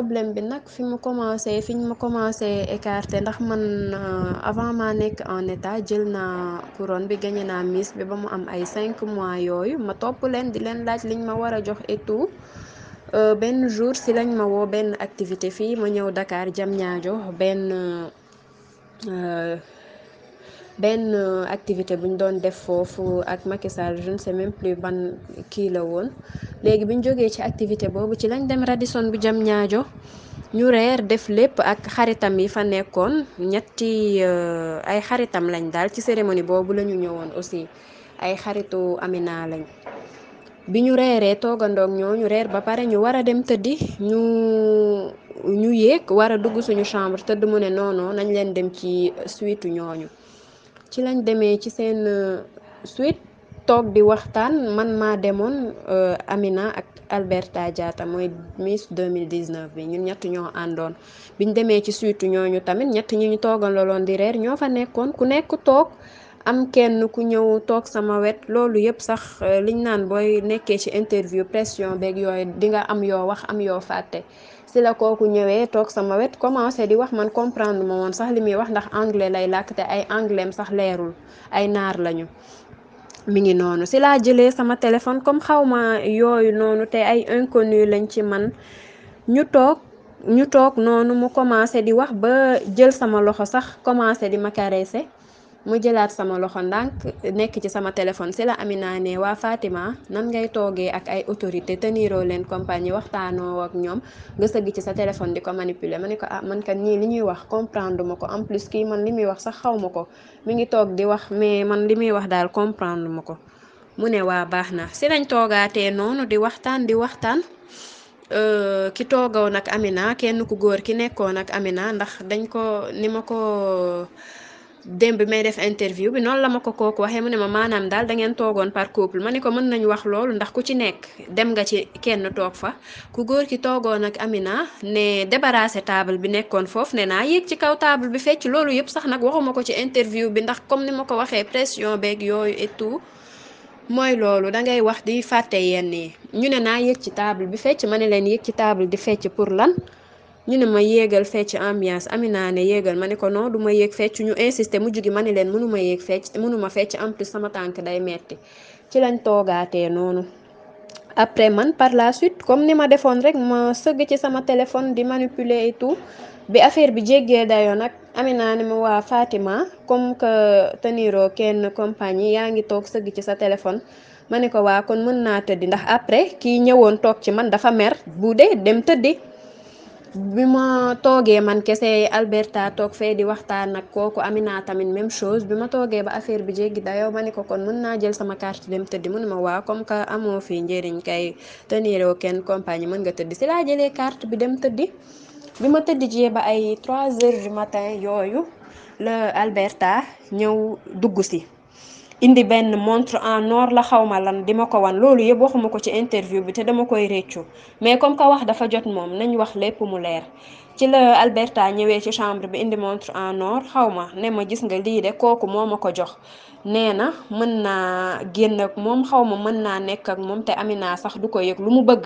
problème bi nag fi mu commencé fi ñu ma commencé écarté ndax man euh, avant maa nekk en état jël na couronne bi gagné naa miss bi ba mu am ay cinq mois yooyu ma topp leen di leen laaj liñ ma war a jox et tout euh, benn jour si lañ ma woo benn activité fii ma ñëw Dakar jam ñaajo benn euh, benn euh, activité bu ñu doon def foofu ak Macky Sall je ne plus ban kii la woon léegi bi ñu jógee ci activité boobu ci lañ dem Radisson bu jam ñaajo ñu reer def lépp ak xaritam yi fa nekkoon ñetti euh, ay xaritam lañ daal ci cérémonie boobu la ñu ñëwoon aussi ay xaritu Amina lañ bi ñu reeree toogandoog ñooñu reer ba pare ñu war a dem tëddi ñu ñu yéeg war a dugg suñu chambre tëdd mu ne noonu nañ leen dem ci suite ñooñu ci lañ demee ci seen euh, suite toog di waxtaan man maa demoon euh, Amina ak Alberta Diatta mooy Miss 2019 bi ñun ñett ñoo àndoon biñ demee ci suite ñooñu tamit ñett ñi ñu toogaloo di reer ñoo fa nekkoon ku nekk toog am kenn ku ñëw toog sama wet loolu yëpp sax euh, liñ naan booy nekkee ci interview pression beeg yooyu di nga am yoo wax am yoo fàtte si la kooku ñëwee toog sama wet commencé di wax man comprendre woon sax li muy wax ndax anglais lay ay anglais am sax leerul ay naar lañu. mi ngi noonu si laa jëlee sama téléphone comme xawma yooyu noonu te ay inconnu lañ ci man ñu toog. ñu toog noonu mu commencé di wax ba jël sama loxo sax commencé di ma caresser mu jëlaat sama loxo ndànk nekk ci sama téléphone si la Amina ne waa faatiment nan ngay toogee ak ay autorité teniiroo leen compagnie waxtaanoo ak ñoom nga sëgg ci sa téléphone di ko manipuler ma ne ko ah man kat ñii li ñuy wax comprendre ko en kii man li muy wax sax xaw ma ko mi ngi toog di wax mais man li muy wax daal comprendre ma ko mu ne waa baax na si lañ toogaatee noonu di waxtaan di waxtaan Uh, ki toogaw nag Amina kenn ku góor ki nekkoon ak Amina ndax dañ ko ni ma ko démb bi may def interview bi noonu la ma ko kooku waxee mu ne ma maanaam daal da ngeen toogoon par couple ma ne ko mën nañu wax loolu ndax ku ci nekk dem nga ci kenn toog fa ku góor ki toogoon ak Amina ne débarrassé table bi nekkoon foofu ne naa yéeg ci kaw table bi fecc loolu yëpp sax nag waxuma ko ci interview bi ndax comme ni ma ko waxee pression beeg yooyu et tout mooy loolu da ngay wax di fàtte yenn yi ñu ne naa yëg ci table bi fecc ma ne leen yëg ci table di fecc pour lan. ñu ne ma yéegal fecc ambiance Amina ne yéegal ma ne ko non du ma yéeg fecc ñu insisté mu jugi ma ne leen mënuma ma yéeg fecc mënu fecc en sama tànk day metti ci lañ toogaatee noonu après man par la suite comme ni ma defoon rek ma sëgg ci sama téléphone di manipuler et tout bi affaire bi jéggee dayoo nag Amina ne ma waa Fatima comme que teniroo kenn compagnie yaa ngi toog sëgg ci sa téléphone ma ne ko waa kon mën naa tëddi ndax après kii ñëwoon toog ci man dafa mer bu bi ma toogee man kese Alberta toog fee di waxtaan nag kooku ami naa tamit même chose bi ma toogee ba affaire bi jéggi dayoo ma ne ko kon mën naa jël sama carte dem tëddi mu ne ma waa comme que amoo fi njëriñ kay teniroo kenn compagnie mën nga tëddi si laa jëlee carte bi dem tëddi bi ma tëddi jee ba ay trois heures du matin yooyu la Alberta ñëw dugg si. indi benn montre en or la xaw ma lan di ma ko wan loolu yëpp waxuma ko ci interview bi te dama koy réccu mais comme que wax dafa jot moom nañ wax lépp mu leer ci la Alberta ñëwee ci chambre bi indi montre en or xaw ma ne ma gis nga lii de kooku moo ma ko jox nee na mën naa génn moom xaw ma mën naa nekk ak moom te Amina sax du ko yëg lu mu bëgg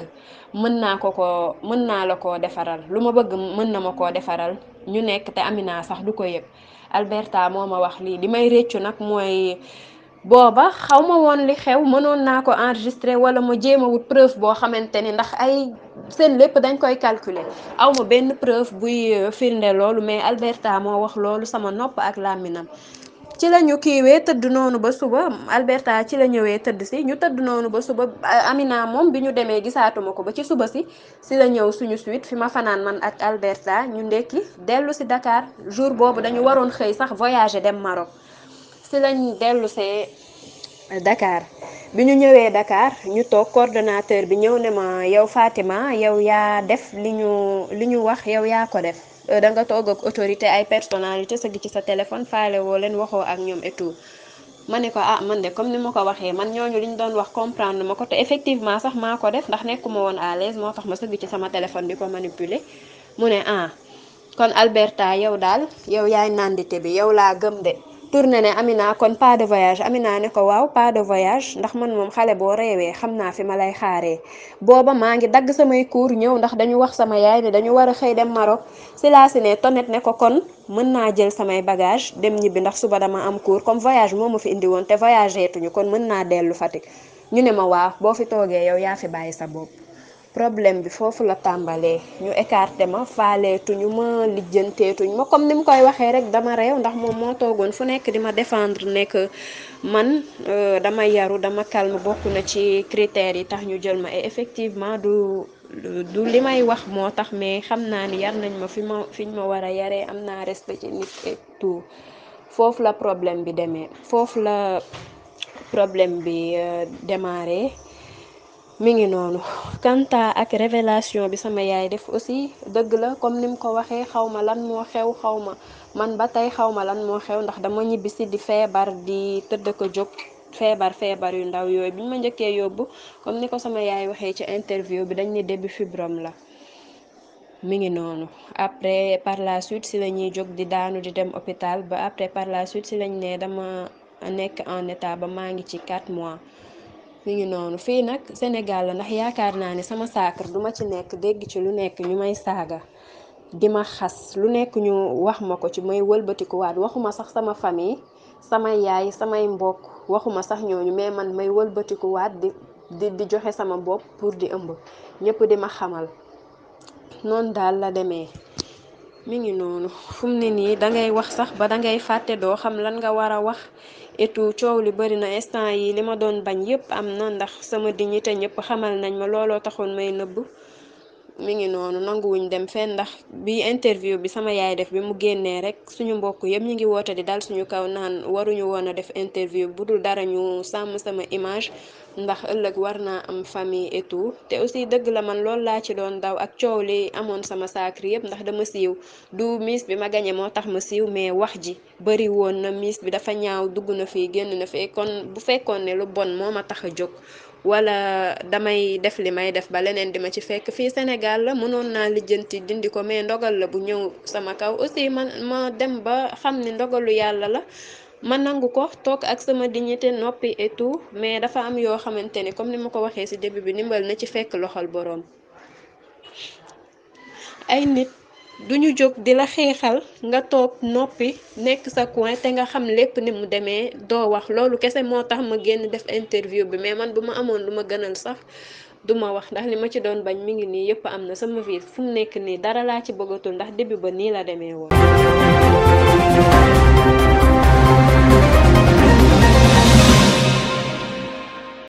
mën naa ko ko mën naa la koo defaral lu ma bëgg mën na ma koo defaral ñu nekk te Amina sax du ko yëg Alberta moo wax lii li may réccu nag mooy. booba xaw ma woon li xew mënoon naa ko enregistré wala ma jéem a preuve boo xamante ni ndax ay seen lépp dañ koy calculer aw ma benn preuve buy euh, firnde loolu mais Alberta moo wax loolu sama nopp ak làmminam ci la ñu kiiwee tëdd noonu ba suba Alberta ci la ñëwee tëdd si ñu tëdd noonu ba suba euh, Amina moom bi ñu demee gisaatuma ko ba ci suba si si la ñëw suñu suite fi ma fanaan man ak Alberta ñu ndekki dellu si Dakar jour boobu dañu waroon xëy sax voyager dem Maroc si lañ dellusee dakaar bi ñu ñëwee dakaar ñu toog coordonnateur bi ñëw ne ma yow faatiment yow yaa def li ñu li ñu wax yow yaa ko def euh, danga nga toog ak autorité ay personnalité sëgg ci sa téléphone faale woo leen waxoo ak ñoom et tout ma ne ko ah man de comme ni ma ko waxee man ñooñu li ñu doon wax comprendre ma ko te effectivement sax maa ko def ndax nekkuma woon à l'aise moo tax ma sëgg ci sama téléphone di ko manipuler mu ne ah kon Alberta yow daal yow yaay nandite bi yow laa gëm de. tourné ne Amina kon pas de voyage Amina ne ko waaw pas de voyage ndax man moom xale boo reewee xam naa fi ma lay xaaree booba maa ngi dagg samay cours ñëw ndax dañu wax sama yaay ne dañu war xëy dem Maroc si laa si ne Tonette ne ko kon mën naa jël samay bagage dem ñibbi ndax suba dama am cours comme voyage moo ma fi indi woon te voyagé tuñu kon mën naa dellu Fatick ñu ne ma waaw boo fi toogee yow yaa fi bàyyi sa bopp. problème bi foofu la tàmbalee ñu écarté ma faaleetuñu ma lijjanteetuñu ma comme ni mu koy waxee rek dama réew ndax moom moo toogoon fu nekk di ma défendre nekk man euh, dama yaru dama calme bokk na ci critères yi tax ñu jël ma et effectivement du du li may wax moo tax mais xam naa ni yar nañ ma fi ma fiñ ma war a yaree am naa respect ci nit et tout foofu la problème bi demee foofu la problème bi euh, démarré mi ngi noonu quant ak révélation bi sama yaay def aussi dëgg la comme ni mu ko waxee xaw ma lan moo xew xaw ma man ba tey xaw ma lan moo xew ndax dama ñibbisi di feebar di tëdd ko jóg feebar feebar yu ndaw yooyu bi ma njëkkee yóbbu comme ni ko sama yaay waxee ci interview bi dañ ne début fibrome la mu ngi noonu après par la suite si la ñuy jóg di daanu di dem hôpital ba après par la suite si lañ ne dama nekk en état ba maa ngi ci 4 mois mi ngi noonu fii nag Sénégal la ndax yaakaar naa ne sama saakar duma ci nekk dégg ci lu nekk ñu may saaga di ma xas lu nekk ñu wax ma ko ci may wëlbatikuwaat waat waxuma sax sama famille sama yaay samay mbokk waxuma sax ñooñu mais man may wëlbatiku waat di di di joxe sama bopp pour di ëmb ñépp di ma xamal noonu daal la demee mu ngi noonu fu mu nii dangay wax sax ba dangay fàtte doo xam lan nga war a wax etu coow li bëri na instant yi li ma doon bañ yépp am na ndax sama dignité ñëpp xamal nañ ma looloo taxoon may nëbb mu ngi noonu nanguwuñ dem fenn ndax bi interview bi sama yaay def bi mu génnee rek suñu mbokk yëpp ñu ngi woote di dal suñu kaw naan waruñu woon a def interview bu dul dara ñu sàmm sama image ndax ëllëg war naa am famille et te aussi dëgg la man loolu laa ci doon daw ak coow lii amoon sama saakri yëpp ndax dama siiw du miis bi ma gañe moo tax ma siiw mais wax ji bëri woon na miis bi dafa ñaaw dugg na fii génn na fii kon bu fekkoon ne lu bon moo ma tax a jóg wala damay def li may def ba leneen di ma ci fekk fii Sénégal la mënoon naa lijjanti dindi ko mais ndogal la bu ñëw sama kaw aussi man ma dem ba xam ne ndogalu yàlla la ma nangu ko toog ak sama dignité noppi et mais dafa am yoo xamante ne comme ni ma ko waxee ci début bi ndimbal na ci fekk loxol boroom ay nit duñu jóg di la xeexal nga toog noppi nekk sa coin te nga xam lépp ni mu demee doo wax loolu kese moo tax ma génn def interview bi mais man bu ma amoon lu ma gënal sax duma wax ndax li ma ci doon bañ mi ngi nii yëpp am na sama vie fu mu nekk nii dara laa ci bëggatul ndax début ba nii la demee woon